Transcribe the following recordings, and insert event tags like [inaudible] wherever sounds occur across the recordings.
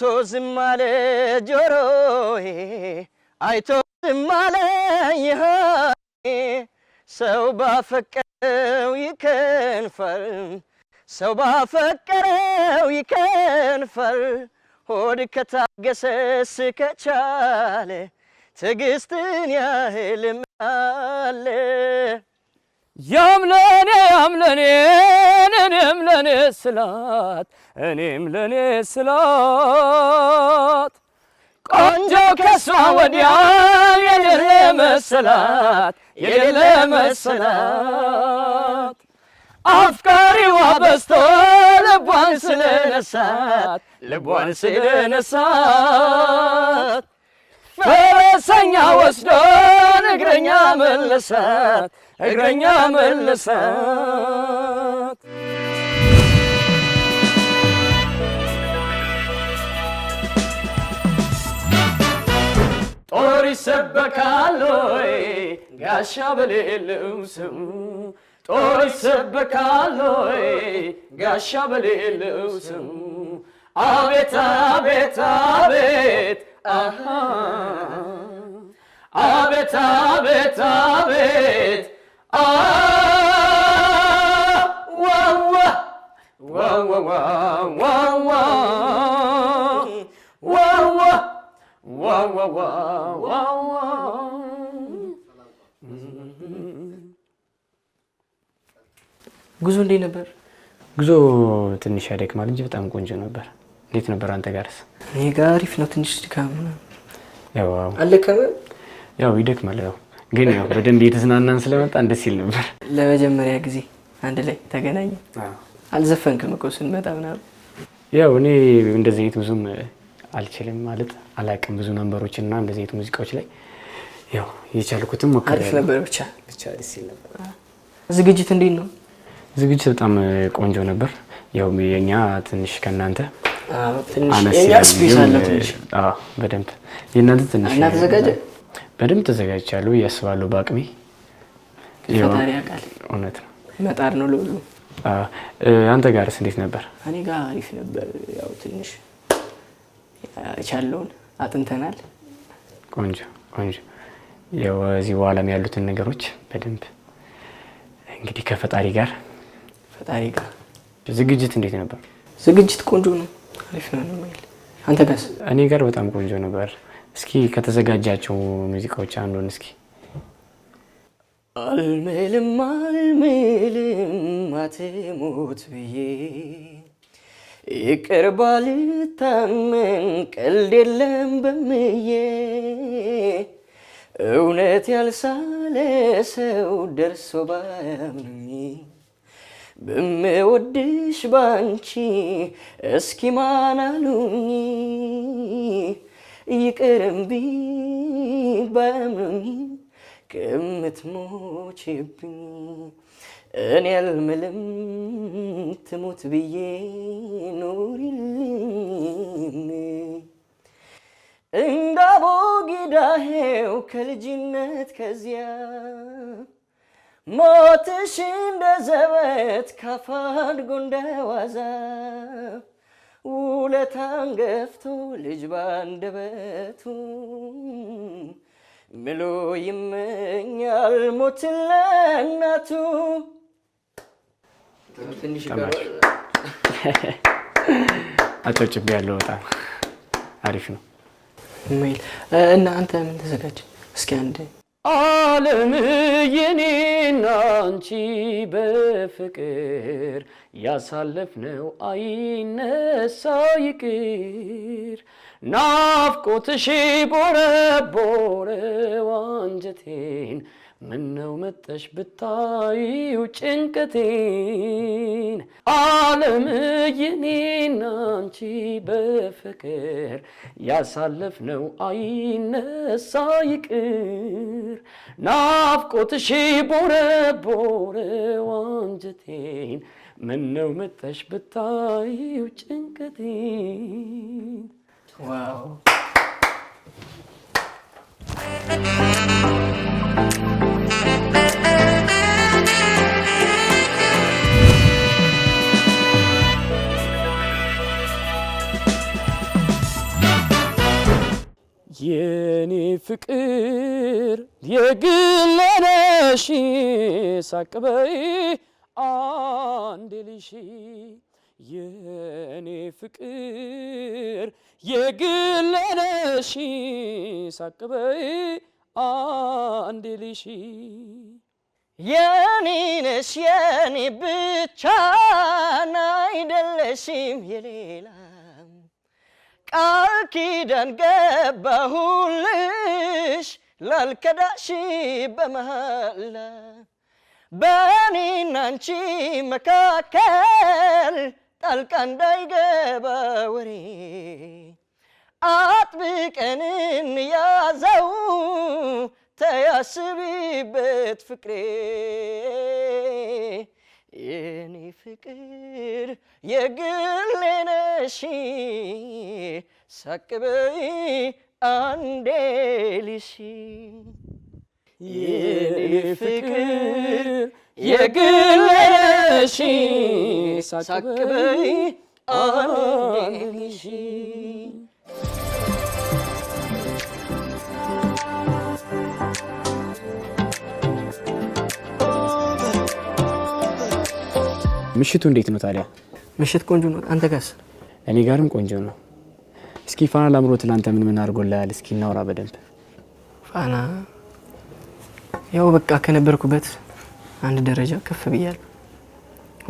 ሰምቶ ዝም አለ ጆሮዬ፣ አይቶ ዝም አለ ይሆኔ። ሰው ባፈቀረው ይከንፈር፣ ሰው ባፈቀረው ይከንፈር። ሆድ ከታገሰስ ከቻለ ትዕግስትን ያህል ምናለ ያምለኔ ያምለኔ እኔ ምለኔ ስላት እኔ ምለኔ ስላት ቆንጆ ከሷ ወዲያ የሌለ መሰላት የሌለ መሰላት አፍቃሪዋ በዝቶ ልቧን ስለነሳት ልቧን ስለነሳት እረሰኛ ወስዶን እግረኛ መለሳት እግረኛ መለሳት ጦር ይሰበካል ወይ ጋሻ በሌለው ሰው ጦር ይሰበካል ወይ ጋሻ በሌለው ሰው አቤት አቤት አቤት አሃ አቤት አቤት አቤት ጉዞ እንዴት ነበር? ጉዞ ትንሽ ያደክማል እንጂ በጣም ቆንጆ ነበር። እንዴት ነበር አንተ ጋርስ? እኔ ጋር አሪፍ ነው። ትንሽ ድካም ያው ያው ይደክማል። ያው ግን ያው በደንብ የተዝናናን ስለመጣን ደስ ይል ነበር። ለመጀመሪያ ጊዜ አንድ ላይ ተገናኘ። አልዘፈንክም እኮ ስንመጣ ምናምን። ያው እኔ እንደዚህ አይነት ብዙም አልችልም ማለት አላቅም ብዙ ነንበሮች እና እንደዚህ አይነት ሙዚቃዎች ላይ ያው የቻልኩትም ሞክሬያለሁ ነበር። ብቻ ብቻ ደስ ይል ነበር። ዝግጅት እንዴት ነው? ዝግጅት በጣም ቆንጆ ነበር። ያው የኛ ትንሽ ከእናንተ አነስ ያለ በደንብ የእናንተ ትንሽ እናተዘጋጀ በደንብ ተዘጋጅቻለሁ እያስባለሁ በአቅሜ እውነት ነው። መጣር ነው ለሁሉ። አንተ ጋርስ እንዴት ነበር? እኔ ጋር አሪፍ ነበር። ያው ትንሽ ቻለውን አጥንተናል። ቆንጆ ቆንጆ። ያው እዚህ በኋላም ያሉትን ነገሮች በደንብ እንግዲህ ከፈጣሪ ጋር ፈጣሪ ጋር። ዝግጅት እንዴት ነበር? ዝግጅት ቆንጆ ነው፣ አሪፍ ነው። አንተ ጋርስ? እኔ ጋር በጣም ቆንጆ ነበር። እስኪ ከተዘጋጃቸው ሙዚቃዎች አንዱን እስኪ አልሜልም አልሜልም አትሞት ብዬ ይቅር ባልታመን ቀልድ የለም በምዬ እውነት ያልሳለ ሰው ደርሶ ባያምኝ ብምወድሽ ባንቺ እስኪ ማን አሉኝ ይቅርምብኝ ባያምኑኝ ከምትሞችብኝ እኔ አልምልም ትሞት ብዬ ኖሪልኝ እንደ ከልጅነት ከዚያ ሞትሽ እንደ ዘበት ካፋድ ጎንደ ዋዛ ውለታን ገፍቶ ልጅ ባንደበቱ ምሎ ይመኛል ሞትን ለእናቱ። አጨብጭብ ያለው በጣም አሪፍ ነው። እና አንተ ምን ተዘጋጅ እስኪ አንድ ዓለም የኔና አንቺ በፍቅር ያሳለፍነው አይነሳ ይቅር ናፍቆትሽ ቦረቦረው አንጀቴን ምነው መጠሽ ብታዪው ጭንቀቴን ዓለም የኔና አንቺ በፍቅር ያሳለፍነው አይነሳ ይቅር ናፍቆትሽ ቦረቦረው አንጀቴን ምነው መጠሽ ብታይው ጭንቀቴን የኔ ፍቅር የግለነሽ ሳቅበይ አንድ ልሽ የኔ ፍቅር የግለለሽ ሳቅበይ አንድ ልሽ የኔነሽ የኔ ብቻ አይደለሽም የሌላ ቃል ኪዳን ገባሁልሽ ላልከዳሽ በመሃላ በእኔና አንቺ መካከል ጣልቃ እንዳይገባ ወሬ አጥብቀን እንያዘው ተያስቢበት ፍቅሬ የኔ ፍቅር የግሌ ነሽ ሳቅበይ አንዴ ልሽ ፍቅር የግለሽ ሳቅበይ አንሽ ምሽቱ እንዴት ነው ታዲያ? ምሽት ቆንጆ ነው። አንተ ጋስ? እኔ ጋርም ቆንጆ ነው። እስኪ ፋና ላምሮት ላንተ ምን ምን አድርጎልሃል? እስኪ እናውራ በደንብ ፋና ያው በቃ ከነበርኩበት አንድ ደረጃ ከፍ ብያለሁ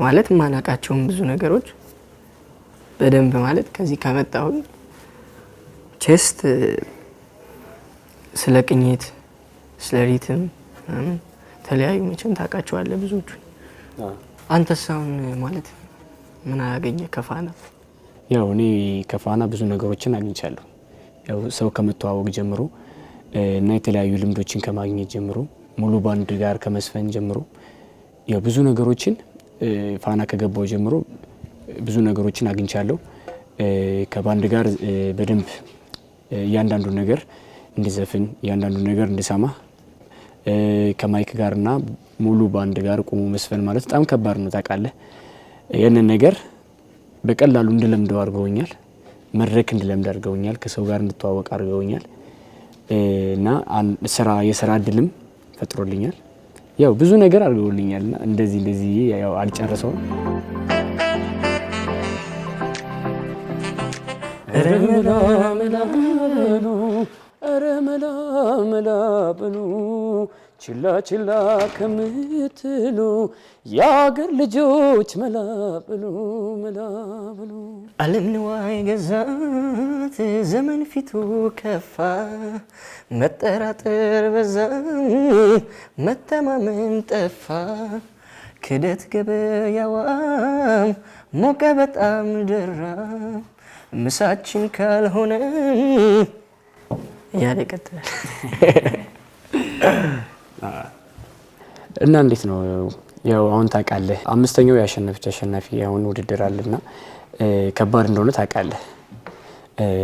ማለት ማናቃቸውም ብዙ ነገሮች በደንብ ማለት ከዚህ ከመጣሁ ቼስት ስለ ቅኝት፣ ስለ ሪትም ተለያዩ መቼም ታቃቸዋለ ብዙዎቹ። አንተስ ማለት ምን አገኘ ከፋና? ያው እኔ ከፋና ብዙ ነገሮችን አግኝቻለሁ። ያው ሰው ከመተዋወቅ ጀምሮ እና የተለያዩ ልምዶችን ከማግኘት ጀምሮ ሙሉ ባንድ ጋር ከመስፈን ጀምሮ ያው ብዙ ነገሮችን ፋና ከገባው ጀምሮ ብዙ ነገሮችን አግኝቻለሁ። ከባንድ ጋር በደንብ እያንዳንዱ ነገር እንድዘፍን እያንዳንዱ ነገር እንድሰማ ከማይክ ጋርና ሙሉ ባንድ ጋር ቁሙ መስፈን ማለት በጣም ከባድ ነው ታውቃለህ። ያንን ነገር በቀላሉ እንድለምደው አድርገውኛል። መድረክ እንድለምድ አድርገውኛል። ከሰው ጋር እንድተዋወቅ አድርገውኛል እና ስራ የስራ እድልም ፈጥሮልኛል። ያው ብዙ ነገር አድርገውልኛል እና እንደዚህ እንደዚህ ያው አልጨርሰውም። ረመላ መላ በሉ ችላ ችላ ከምትሉ የአገር ልጆች መላብሉ መላብሉ ዓለም ንዋይ ገዛት ዘመን ፊቱ ከፋ መጠራጠር በዛ መተማመን ጠፋ ክደት ገበያዋም ሞቀ በጣም ደራ ምሳችን ካልሆነ ያለ ይቀጥላል። [laughs] እና እንዴት ነው ያው አሁን ታውቃለህ፣ አምስተኛው የአሸናፊዎች አሸናፊ አሁን ውድድር አለና ከባድ እንደሆነ ታውቃለህ።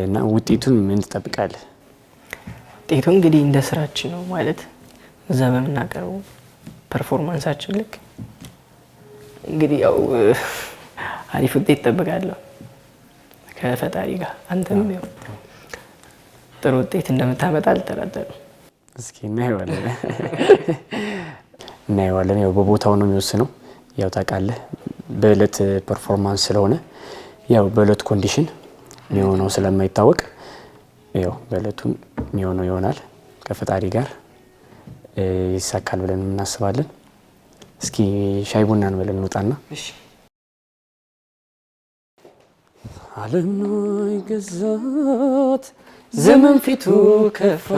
እና ውጤቱን ምን ትጠብቃለህ? ውጤቱ እንግዲህ እንደ ስራችን ነው ማለት እዛ በምናቀርበው ፐርፎርማንሳችን ልክ እንግዲህ ያው አሪፍ ውጤት ይጠብቃለሁ ከፈጣሪ ጋር። አንተም ያው ጥሩ ውጤት እንደምታመጣ አልጠራጠርም። እስኪ እናየዋለን [laughs] እናየዋለን። ያው በቦታው ነው የሚወስነው። ያው ታውቃለህ በእለት ፐርፎርማንስ ስለሆነ ያው በእለት ኮንዲሽን የሚሆነው ስለማይታወቅ ያው በእለቱን የሚሆነው ይሆናል። ከፈጣሪ ጋር ይሳካል ብለን እናስባለን። እስኪ ሻይ ቡናን ብለን እንውጣና ዓለም ነው የገዛት ዘመን ፊቱ ከፋ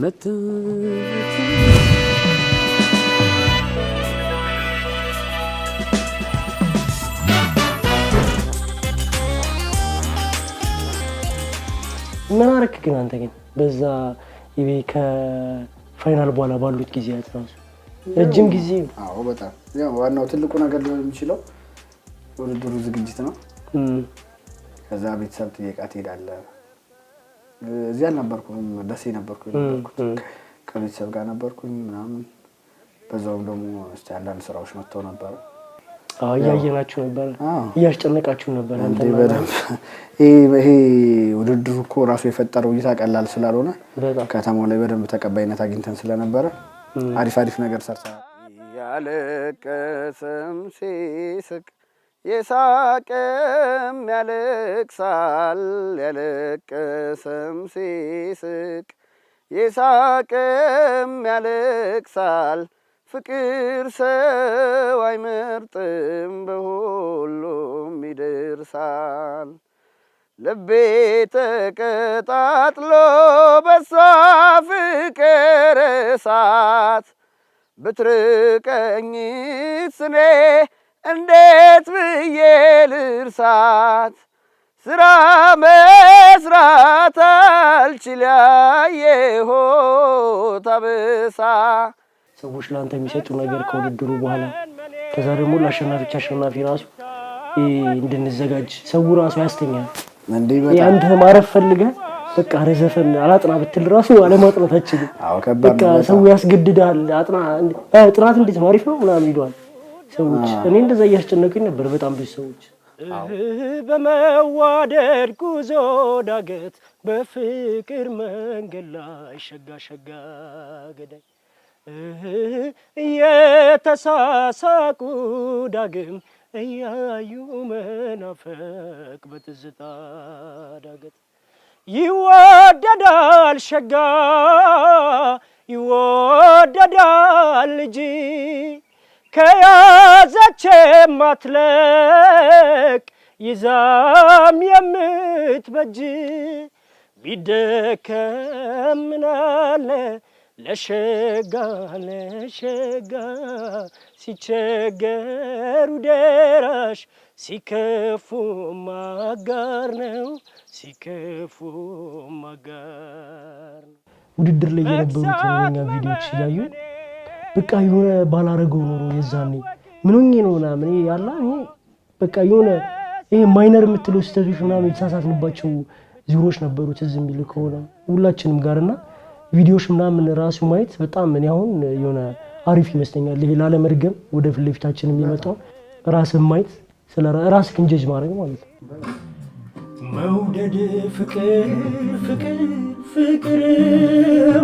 መጣ። ምን አረክ ግን አንተ ግን በዛ ይሄ ከፋይናል በኋላ ባሉት ጊዜያት ራሱ ረጅም ጊዜ አዎ፣ በጣም ያው ዋናው ትልቁ ነገር ሊሆን የሚችለው ውድድሩ ዝግጅት ነው። ከዛ ቤተሰብ ጥየቃ ትሄዳለህ እዚህ አልነበርኩም፣ ደሴ ነበርኩ ነበርኩት ከቤተሰብ ጋር ነበርኩኝ ምናምን። በዛውም ደግሞ እስኪ አንዳንድ ስራዎች መጥተው ነበረ እያየናችሁ ነበረ፣ እያስጨነቃችሁ ነበረ። [laughs] ይሄ ውድድሩ እኮ ራሱ የፈጠረው እይታ ቀላል ስላልሆነ ከተማው ላይ በደንብ ተቀባይነት አግኝተን ስለነበረ አሪፍ አሪፍ ነገር ሰርተናል። ያለቀሰም ሲስቅ የሳቀም ያለቅሳል ያለቀሰም ሲስቅ የሳቀም ያለቅሳል ፍቅር ሰው አይመርጥም በሁሉም ይደርሳል። ልቤ ተቀጣጥሎ በሷ ፍቅር እሳት ብትርቀኝ ስኔ እንዴት ብዬ ልርሳት? ስራ መስራት አልችል ያየሁት አበሳ። ሰዎች ለአንተ የሚሰጡ ነገር ከውድድሩ በኋላ ከዛ ደግሞ ለአሸናፊች አሸናፊ ራሱ እንድንዘጋጅ ሰው ራሱ ያስተኛል። አንተ ማረፍ ፈልገ በቃ ኧረ ዘፈን አላጥና ብትል ራሱ አለማጥናታችን በቃ ሰው ያስገድዳል። ጥናት እንዴት ማሪፍ ነው ምናምን ይለዋል ሰዎች እኔ እንደዛ እያስጨነቀኝ ነበር። በጣም ብዙ ሰዎች በመዋደድ ጉዞ ዳገት፣ በፍቅር መንገድ ላይ ሸጋ ሸጋ ገዳይ እየተሳሳቁ ዳግም እያዩ መናፈቅ በትዝታ ዳገት ይወደዳል ሸጋ ይወደዳል ልጅ ከያዘች ማትለቅ ይዛም የምትበጅ ቢደከም ምናለ ለሸጋ ለሸጋ ሲቸገሩ ደራሽ ሲከፉ ማጋር ነው ሲከፉ ማጋር ነው። ውድድር ላይ የነበሩትን ቪዲዮዎች እያዩ በቃ የሆነ ባላረገው ኖሮ የዛኔ ምን ሆኜ ነው ምናምን ያላ በቃ የሆነ ይሄ ማይነር የምትለው ስህተቶች ምናምን የተሳሳትንባቸው ዜሮዎች ነበሩ ትዝ የሚል ከሆነ ሁላችንም ጋርና ቪዲዮዎች ምናምን ራሱ ማየት በጣም እኔ አሁን የሆነ አሪፍ ይመስለኛል። ይሄ ላለመድገም ወደ ፊት ለፊታችን የሚመጣው ራስን ማየት ስለ ራስ ክንጀጅ ማድረግ ማለት ነው። መውደድ ፍቅር ፍቅር ፍቅር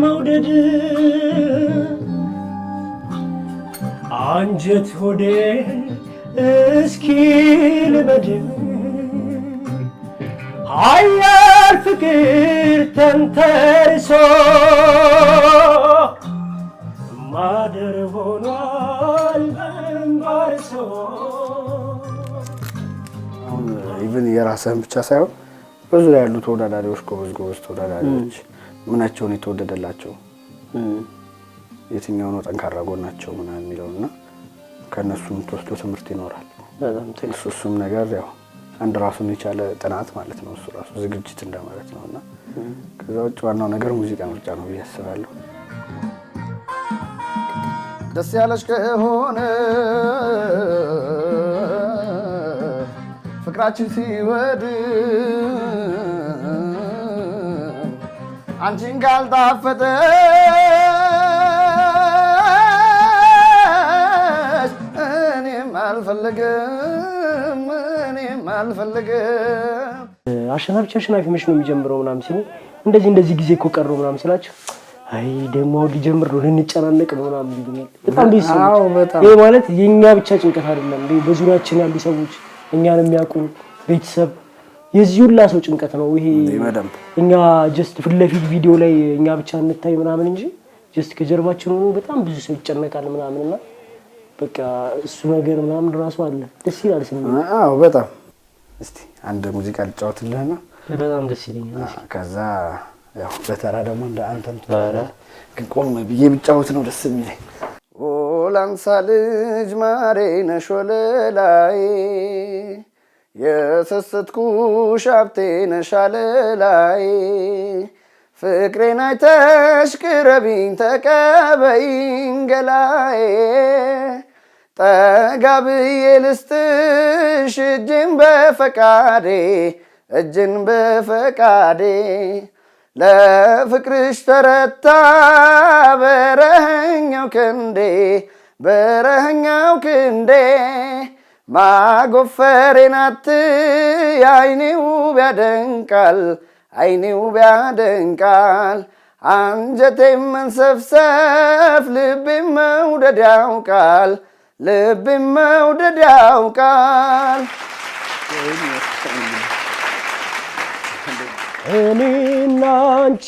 መውደድ አንጀት ሆዴ እስኪ ልመድም ሀያል ፍቅር ተንተርሶ ማደር ሆኗል በንባርሶ ኢቭን የራስህን ብቻ ሳይሆን በዙሪያ ያሉ ተወዳዳሪዎች ጎበዝ ጎበዝ ተወዳዳሪዎች ምናቸውን የተወደደላቸው የትኛው ነው ጠንካራ ጎናቸው ምናምን የሚለው እና ከእነሱ ተወስዶ ትምህርት ይኖራል። እሱም ነገር ያው አንድ ራሱን የቻለ ጥናት ማለት ነው። እሱ ራሱ ዝግጅት እንደማለት ነው እና ከዛ ውጭ ዋናው ነገር ሙዚቃ ምርጫ ነው ብዬ አስባለሁ። ደስ ያለች ከሆነ ፍቅራችን ሲወድ አንቺን ካልጣፈጠ አልፈልግም። አሸናፊች አሸናፊ መች ነው የሚጀምረው ምናምን ሲሉ እንደዚህ እንደዚህ ጊዜ እኮ ቀረው ምናምን ስላቸው አይ ደግሞ አሁን ሊጀምር ነው ልንጨናነቅ ነው ምናምን ይሉኛል። በጣም ቤት ሰዎች ማለት የእኛ ብቻ ጭንቀት አይደለም። በዙሪያችን ያሉ ሰዎች እኛን የሚያውቁ ቤተሰብ የዚህ ሁላ ሰው ጭንቀት ነው ይሄ። እኛ ጀስት ፊት ለፊት ቪዲዮ ላይ እኛ ብቻ እንታይ ምናምን እንጂ ጀስት ከጀርባችን ሆኖ በጣም ብዙ ሰው ይጨነቃል ምናምንና በቃ እሱ ነገር ምናምን ራሱ አለ። ደስ ይላል። ስ በጣም እስቲ አንድ ሙዚቃ ልጫወትልህና በጣም ደስ ይለኛል። ከዛ ያው በተራ ደግሞ እንደ አንተም ግን ቆም ብዬ ብጫወት ነው ደስ የሚለኝ። ላንሳ ልጅ ማሬ ነሽ ወለላዬ የሰሰትኩሽ ሀብቴ ነሽ አለላዬ ፍቅሬን አይተሽ ቅረቢኝ ተቀበይኝ ገላዬ ጠጋብዬ ብዬ ልስጥሽ እጅን በፈቃዴ እጅን በፈቃዴ ለፍቅርሽ ተረታ በረኸኛው ክንዴ በረኸኛው ክንዴ ማጎፈሬናት አይኔ ውብ ያደንቃል አይኔ ውብ ያደንቃል አንጀቴ መንሰፍሰፍ ልቤ መውደድ ያውቃል ልብ መውደድ ያውቃል። እኔና አንቺ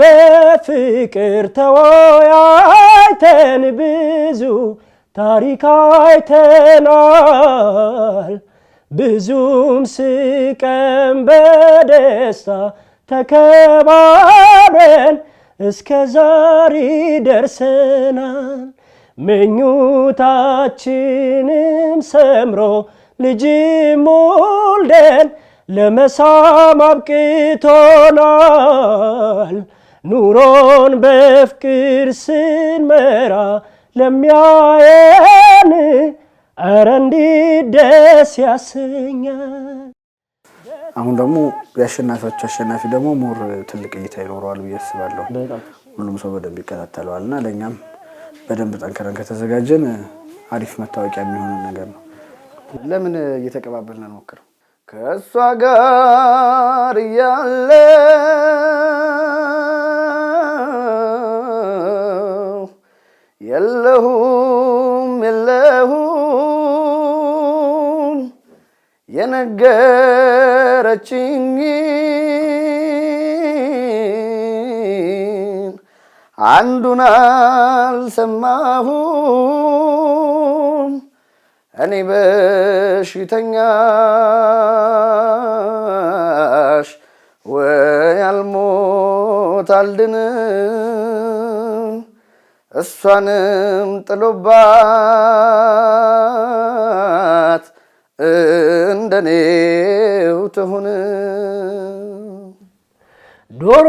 በፍቅር ተወያይተን ብዙ ታሪክ አይተናል። ብዙም ስቀን በደስታ ተከባብረን እስከ ዛሬ ደርሰናል። ምኞታችንም ሰምሮ ልጅም ወልደን ለመሳም አብቅቶናል። ኑሮን በፍቅር ስንመራ ለሚያየን ኧረ እንዴት ደስ ያሰኛል። አሁን ደግሞ የአሸናፊዎች አሸናፊ ደግሞ ሞር ትልቅ እይታ ይኖረዋል ብዬ አስባለሁ። ሁሉም ሰው በደንብ ይከታተለዋል እና ለእኛም በደንብ ጠንክረን ከተዘጋጀን አሪፍ መታወቂያ የሚሆነን ነገር ነው። ለምን እየተቀባበልን አንሞክርም? ከእሷ ጋር ያለ የለሁም የለሁም የነገረችኝ አንዱን አልሰማሁም እኔ በሽተኛሽ ወይ አልሞት አልድንም እሷንም ጥሎባት እንደኔው ትሁን ዶሮ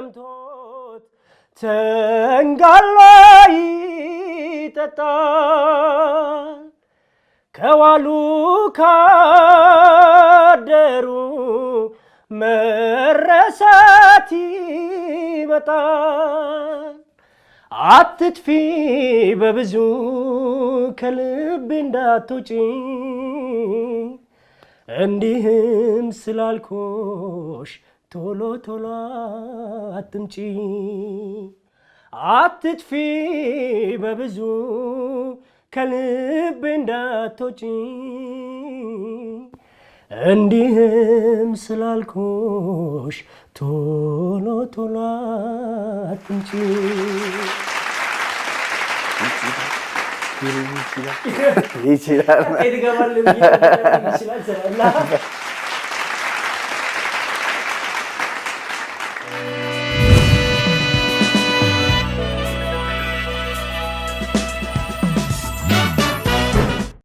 ሰምቶት ተንጋሎ ይጠጣል ከዋሉ ካደሩ መረሳት ይመጣል። አትጥፊ በብዙ ከልብ እንዳትውጪ እንዲህም ስላልኮሽ ቶሎ ቶሎ አትምጪ አትጥፊ በብዙ ከልብ እንዳትወጪ እንዲህም ስላልኩሽ ቶሎ ቶሎ አትምጪ። ይችላል ይችላል